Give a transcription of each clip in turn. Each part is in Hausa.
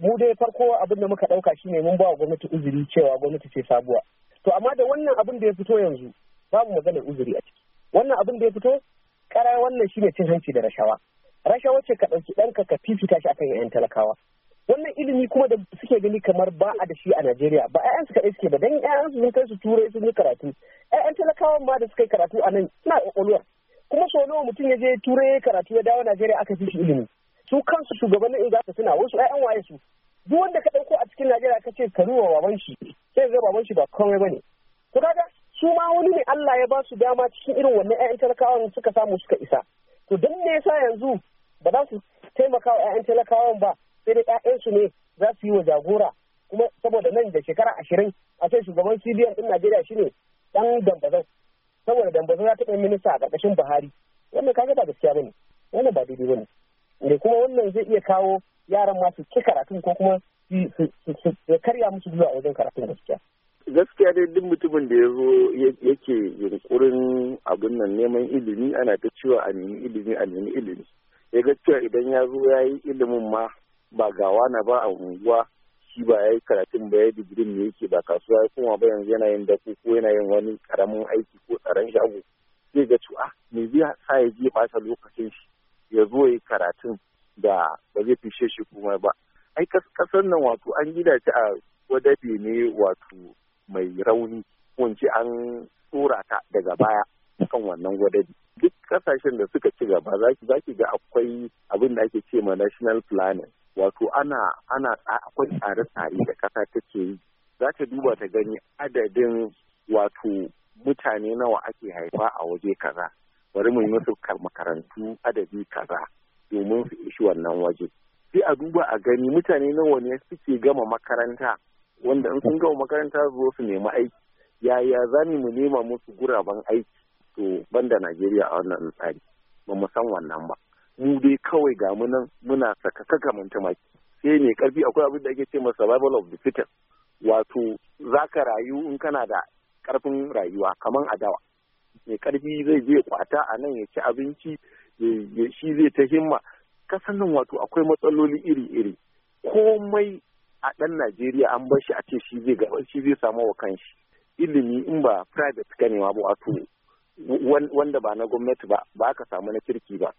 mu dai farko abin da muka ɗauka shine mun ba wa gwamnati uzuri cewa gwamnati ce sabuwa to amma da wannan abin da ya fito yanzu babu magana uzuri a ciki wannan abin da ya fito ƙara wannan shine cin hanci da rashawa rashawa ce ka dauki ɗanka ka fifita shi akan 'ya'yan talakawa wannan ilimi kuma da suke gani kamar ba a da shi a Najeriya ba ƴaƴansu kaɗai suke ba dan ƴaƴansu sun kai su turai sun yi karatu ƴaƴan talakawan ma da suka yi karatu a nan suna ƙwaƙwalwar kuma so nawa mutum ya je turai ya karatu ya dawo Najeriya aka fi shi ilimi su kansu shugabannin in za su suna wasu 'ya'yan waye su duk wanda ka ɗauko a cikin Najeriya ka ce ka ruwa baban shi sai ga baban shi ba komai bane to kaga su ma wani ne Allah ya ba su dama cikin irin wannan ƴaƴan talakawan suka samu suka isa to dan ne yasa yanzu ba za su taimaka wa ƴaƴan talakawan ba sai dai ƴaƴan su ne za su yi wa jagora kuma saboda nan da shekara ashirin a ce shugaban CBN din Najeriya shine dan dambazau saboda dambazau ya taɓa minista a ƙarƙashin Buhari wannan kaga ba gaskiya bane wannan ba daidai bane da kuma wannan zai iya kawo yaran ma ke karatun ko kuma su karya musu zuwa wajen karatun gaskiya gaskiya dai duk mutumin da ya zo yake yunkurin abin nan neman ilimi ana ta cewa a nemi ilimi a nemi ilimi ya gaskiya idan ya zo ya yi ilimin ma ba gawa na ba a unguwa shi ba ya yi karatun ba ya digirin ne yake ba kasuwa ya kuma ba yanzu yana yin dako ko yana yin wani karamin aiki ko tsaron shago zai ga cewa ah, me zai sa ya je ɓata lokacin shi ya zo yi karatun da ba zai fishe shi kuma ba ai kasar nan wato an gida ta a wadabe ne wato mai rauni wance an tsora ta daga baya kan wannan gwadabi duk kasashen da suka ci gaba za ki ga akwai abin da ake ce ma national planning wato ana ana akwai tsare-tsare da kasa take yi za ta duba ta gani adadin wato mutane nawa ake haifa a waje kaza bari mu yi musu makarantu adadi kaza domin su ishi wannan waje sai a duba a gani mutane nawa ne suke gama makaranta wanda in sun gama makaranta zuwa su nemi aiki yaya za mu nema musu guraben aiki to banda Najeriya a wannan tsari ba mu san wannan ba mu dai kawai ga mu nan muna sakaka kaman tumaki sai ne karfi akwai abin da ake ce ma survival of the fittest wato za ka rayu in kana da karfin rayuwa kamar adawa mai karfi zai je kwata a nan ya ci abinci shi zai ta himma kasan nan wato akwai matsaloli iri-iri komai a ɗan Najeriya an bar shi a ce shi zai gaba shi zai samu wa kanshi ilimi in ba private ganewa ba wato wanda ba na gwamnati ba ba ka samu na kirki ba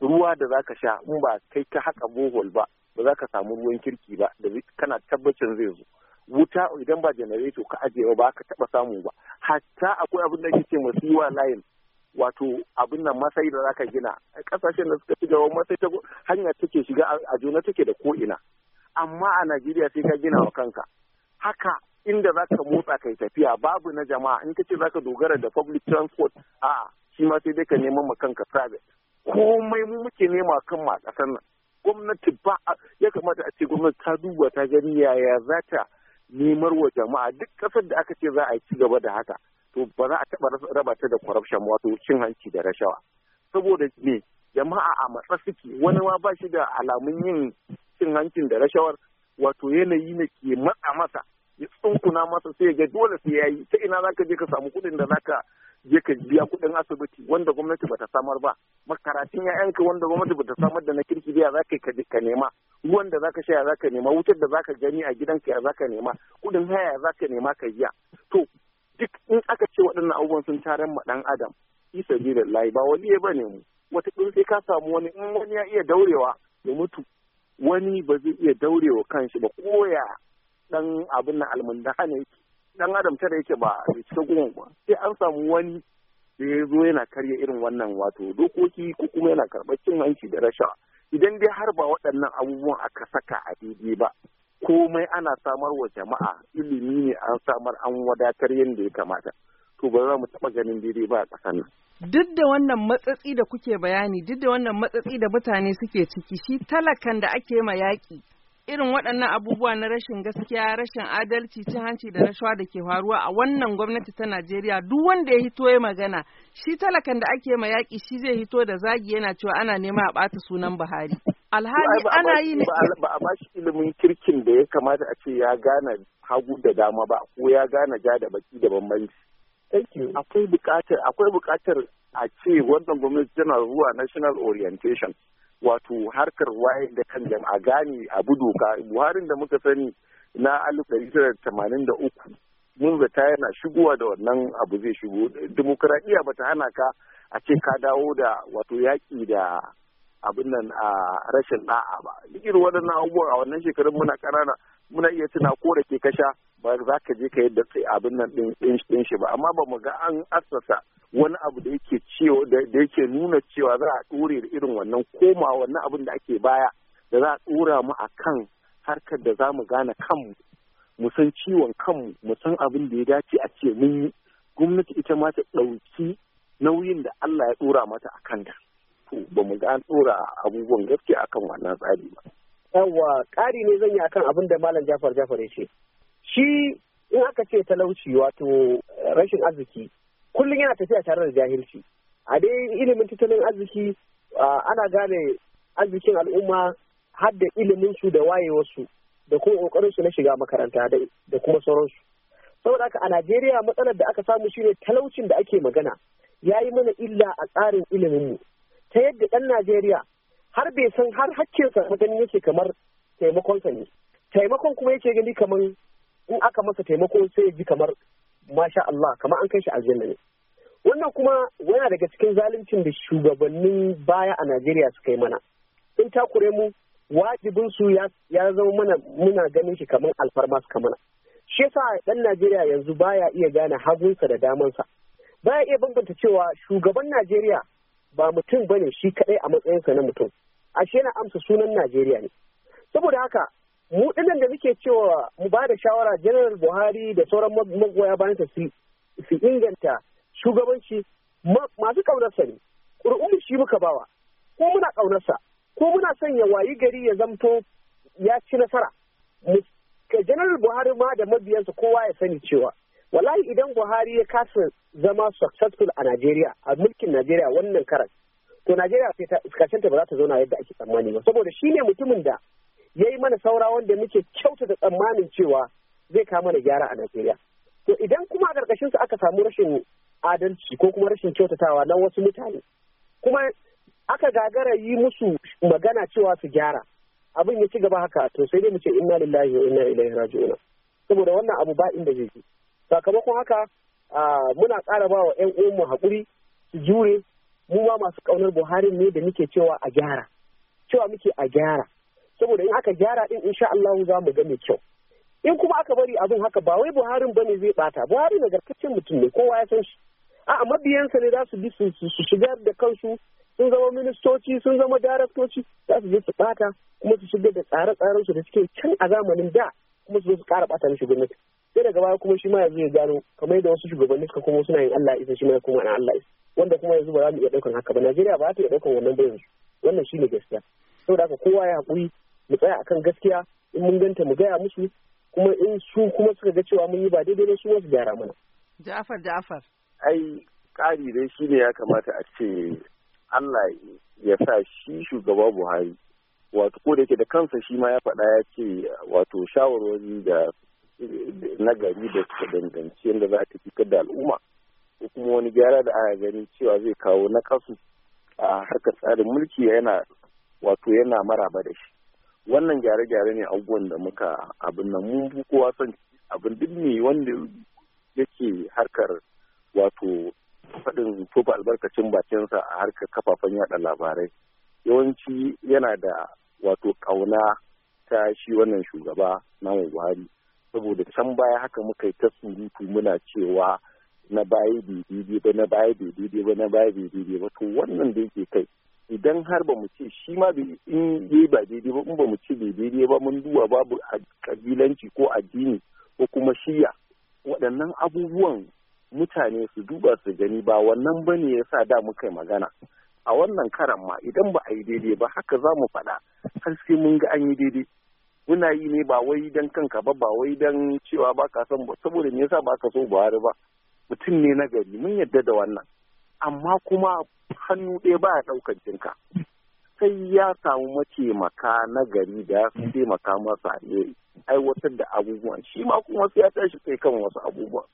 ruwa da za ka sha in ba kai ka haka bohol ba ba za ka samu ruwan kirki ba da kana tabbacin zai zo wuta idan ba janareto ka ajiye ba ba ka taba samu ba hatta akwai abin da ke ce yiwa layin wato abin nan masai da zaka gina kasashen da suka shiga masai ta hanya take shiga a juna take da ko ina amma a Najeriya sai ka gina wa kanka haka inda zaka motsa kai tafiya babu na jama'a in kace zaka dogara da public transport a shi ma sai dai ka neman ma kanka private komai mu muke nema kan ma kasar nan gwamnati ba ya kamata a ce gwamnati ta duba ta gani yaya za ta nemar wa jama'a duk kasar da aka ce za a yi ci gaba da haka to ba za a taɓa raba ta da corruption wato cin hanci da rashawa saboda me jama'a a matsa suke wani ma ba shi da alamun yin cin hancin da rashawar wato yanayi ne ke matsa masa ya tsunkuna masa sai ya ga dole sai ya yi ta ina za ka je ka samu kuɗin da za ka ya ka biya kuɗin asibiti wanda gwamnati bata samar ba makaratun yanka wanda gwamnati bata samar da na kirki biya za ka ka nema ruwan da ka shaya za ka nema wutar da za ka gani a gidanka ya za ka nema kuɗin haya za ka nema ka biya to duk in aka ce waɗannan abubuwan sun tarar ma ɗan adam isa bi da layi ba wani ya bane mu wata sai ka samu wani in wani ya iya daurewa ya mutu wani ba zai iya daurewa kanshi ba koya ɗan abin na almundahana yake dan adam tare yake ba a cikin goma ba sai an samu wani da ya zo yana karya irin wannan wato dokoki ko kuma yana karɓar cin hanci da rashawa idan dai har ba waɗannan abubuwan aka saka a daidai ba komai ana samar wa jama'a ilimi ne an samar an wadatar yadda ya kamata to ba za mu taɓa ganin daidai ba a ƙasar nan. Duk da wannan matsatsi da kuke bayani, duk da wannan matsatsi da mutane suke ciki, shi talakan da ake ma yaƙi irin waɗannan abubuwa na rashin gaskiya rashin adalci cin hanci da rashawa da ke faruwa a wannan gwamnati ta najeriya duk wanda ya hito ya magana shi talakan da ake ma yaƙi shi zai hito da zagi yana cewa ana nema a ɓata sunan buhari alhali ana yi ne ba a bashi ilimin kirkin da ya kamata a ce ya gane hagu da dama ba ko ya gane ja da baki da bambanci akwai bukatar akwai buƙatar a ce wannan gwamnati tana zuwa national orientation wato harkar wayar da kan jama'a gane abu doka buharin da muka sani na alif ɗari tamanin da uku mun zata yana shigowa da wannan abu zai shigo demokuraɗiya ba ta hana ka a ce ka dawo da wato yaƙi da abin nan a rashin ɗa'a ba irin waɗannan abubuwa a wannan shekarun muna ƙanana muna iya tuna ko da ke kasha ba za ka je ka yi datti abin nan ɗin shi ba amma ba mu ga an assasa wani abu da yake cewa da yake nuna cewa za a ɗore da irin wannan koma wannan abin da ake baya da za a ɗora mu akan kan harkar da za mu gane kanmu mu san ciwon kanmu mu san abin da ya dace a ce mun yi gwamnati ita ma ta ɗauki nauyin da Allah ya ɗora mata a da to ba mu ga an ɗora abubuwan gaskiya akan wannan tsari ba. yawwa ƙari ne zan yi akan abin da malam jafar jafar ya ce shi in aka ce talauci wato rashin arziki kullum yana tafiya tare da jahilci a dai ilimin tattalin arziki ana gane arzikin al'umma har da ilimin su da wayewarsu da kuma kokarin su na shiga makaranta da kuma sauransu saboda haka a Najeriya matsalar da aka samu shine talaucin da ake magana ya yi mana illa a tsarin ilimin mu ta yadda ɗan Najeriya har bai san har hakkinsa maganin yake kamar taimakon sa ne taimakon kuma yake gani kamar in aka masa taimako sai ji kamar masha Allah kamar an kai shi aljanna ne wannan kuma yana daga cikin zaluncin da shugabannin baya a Najeriya suka yi mana in takure mu wajibin su ya zama mana muna ganin shi kamar alfarma suka mana shi yasa dan Najeriya yanzu baya iya gane hagunsa da damansa baya iya bambanta cewa shugaban Najeriya ba mutum bane shi kadai a matsayinsa na mutum ashe yana amsa sunan Najeriya ne saboda haka mu dinan da muke cewa mu ba da shawara janar buhari da sauran magoya bayan su su inganta shugabanci masu kaunarsa ne ƙuri'un shi muka bawa ko muna kaunarsa ko muna son ya wayi gari ya zamto ya ci nasara ka janar buhari ma da mabiyansa kowa ya sani cewa wallahi idan buhari ya kasa zama successful a najeriya a mulkin najeriya wannan karan to najeriya sai ta ba za ta zauna yadda ake tsammani ba saboda shi ne mutumin da ya yi mana saura wanda muke kyautata tsammanin cewa zai kama da gyara a Najeriya. To idan kuma a ƙarƙashin su aka samu rashin adalci ko kuma rashin kyautatawa na wasu mutane kuma aka gagara yi musu magana cewa su gyara abin ya ci gaba haka to sai dai mu ce inna lillahi wa inna ilaihi raji'un saboda wannan abu ba inda zai ji sakamakon haka muna ƙara ba wa ƴan uwanmu haƙuri su jure mu ma masu ƙaunar Buhari ne da muke cewa a gyara cewa muke a gyara saboda in aka gyara din insha Allah za mu ga mai kyau in kuma aka bari abin haka ba wai Buhari bane zai bata Buhari nagartaccen mutum ne kowa ya san shi a'a mabiyansa ne za su bi su shigar da kansu sun zama ministoci sun zama daraktoci za su je su bata kuma su shigar da tsare-tsaren su da suke can a zamanin da kuma su zo su kara bata na gwamnati sai daga baya kuma shi ma yanzu ya gano kamar yadda wasu shugabanni suka kuma suna yin Allah isa shi ma kuma na Allah isa wanda kuma yanzu ba za mu iya daukan haka ba Najeriya ba za ta iya daukan wannan ba yanzu wannan shine gaskiya saboda haka kowa ya haƙuri mu tsaya akan gaskiya in mun ganta mu gaya musu kuma in su kuma suka ga cewa mun yi ba daidai ba su wasu gyara mana. jafar Ja'afar. Ai ƙari dai shi ne ya kamata a ce Allah ya sa shi shugaba Buhari wato ko da yake da kansa shi ma ya faɗa ya ce wato shawarwari da nagari da suka danganci yadda za ta fitar da al'umma ko kuma wani gyara da aka gani cewa zai kawo na kasu a harkar tsarin mulki yana wato yana maraba da shi wannan gyare-gyare ne abubuwan da muka abin nan mun kowa son abin duk ne wanda yake harkar wato faɗin tofa albarkacin bakinsa a harkar kafafen yada labarai yawanci yana da wato ƙauna ta shi wannan shugaba na buhari saboda can baya haka muka yi ta surutu muna cewa na baya daidai ba na baya daidai ba na baya daidai ba to wannan da yake kai idan har ba mu ce shi ma in yi ba daidai ba in ba mu ce daidai ba mun duba babu kabilanci ko addini ko kuma shiya waɗannan abubuwan mutane su duba su gani ba wannan ba ne ya sa da muka magana a wannan karan ma idan ba a yi daidai ba haka za mu faɗa har sai mun ga an yi daidai muna yi ne ba wai dan kanka ba ba wai dan cewa ba ka son saboda me yasa ba ka so Buhari ba mutum ne na gari mun yadda da wannan amma kuma hannu ɗaya baya ɗaukar jinka sai ya samu mataimaka na gari da ya fi taimaka masa ne aiwatar da abubuwan shi ma kuma sai ya tashi kai kan wasu abubuwan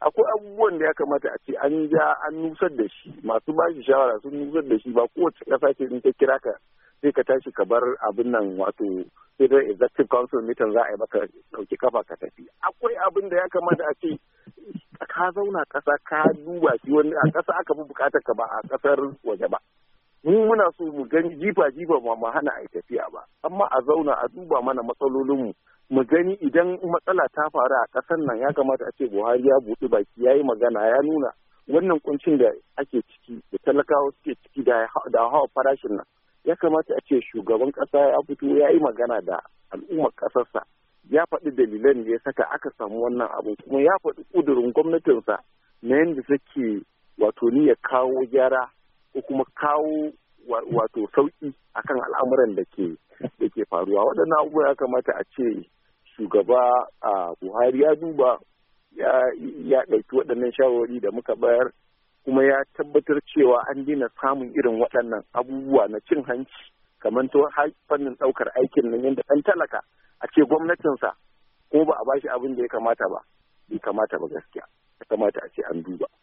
akwai abubuwan da ya kamata a ce an ja an nusar da shi masu ba shi shawara sun nusar da shi ba kowace ƙasa ce in ta kira ka sai ka tashi ka bar abin nan wato federal executive council meeting za a yi maka ɗauki kafa ka tafi akwai abin da ya kamata a ce ka zauna kasa ka duba shi wani a ƙasa aka fi buƙatar ka ba a ƙasar waje ba mu muna so mu gani jifa jifa ba mu hana a tafiya ba amma a zauna a duba mana matsalolinmu mu gani idan matsala ta faru a ƙasar nan ya kamata a ce buhari ya buɗe baki ya yi magana ya nuna wannan kuncin da ake ciki da talakawa suke ciki da hawa farashin nan ya kamata a ce shugaban ƙasa ya fito ya yi magana da al'ummar ƙasarsa ya faɗi dalilan da ya saka aka samu wannan abu kuma ya faɗi ƙudurin gwamnatinsa na yadda suke wato ni ya kawo gyara ko kuma kawo wato sauƙi akan al'amuran da ke da ke faruwa waɗannan abubuwa ya kamata a ce shugaba a buhari ya duba ya ɗauki waɗannan shawarwari da muka bayar kuma ya tabbatar cewa an dina samun irin waɗannan abubuwa na cin hanci kamar ta fannin ɗaukar aikin nan yadda ɗan talaka a ce gwamnatinsa ko ba a bashi abin da ya kamata ba bai kamata ba gaskiya ya kamata a ce an duba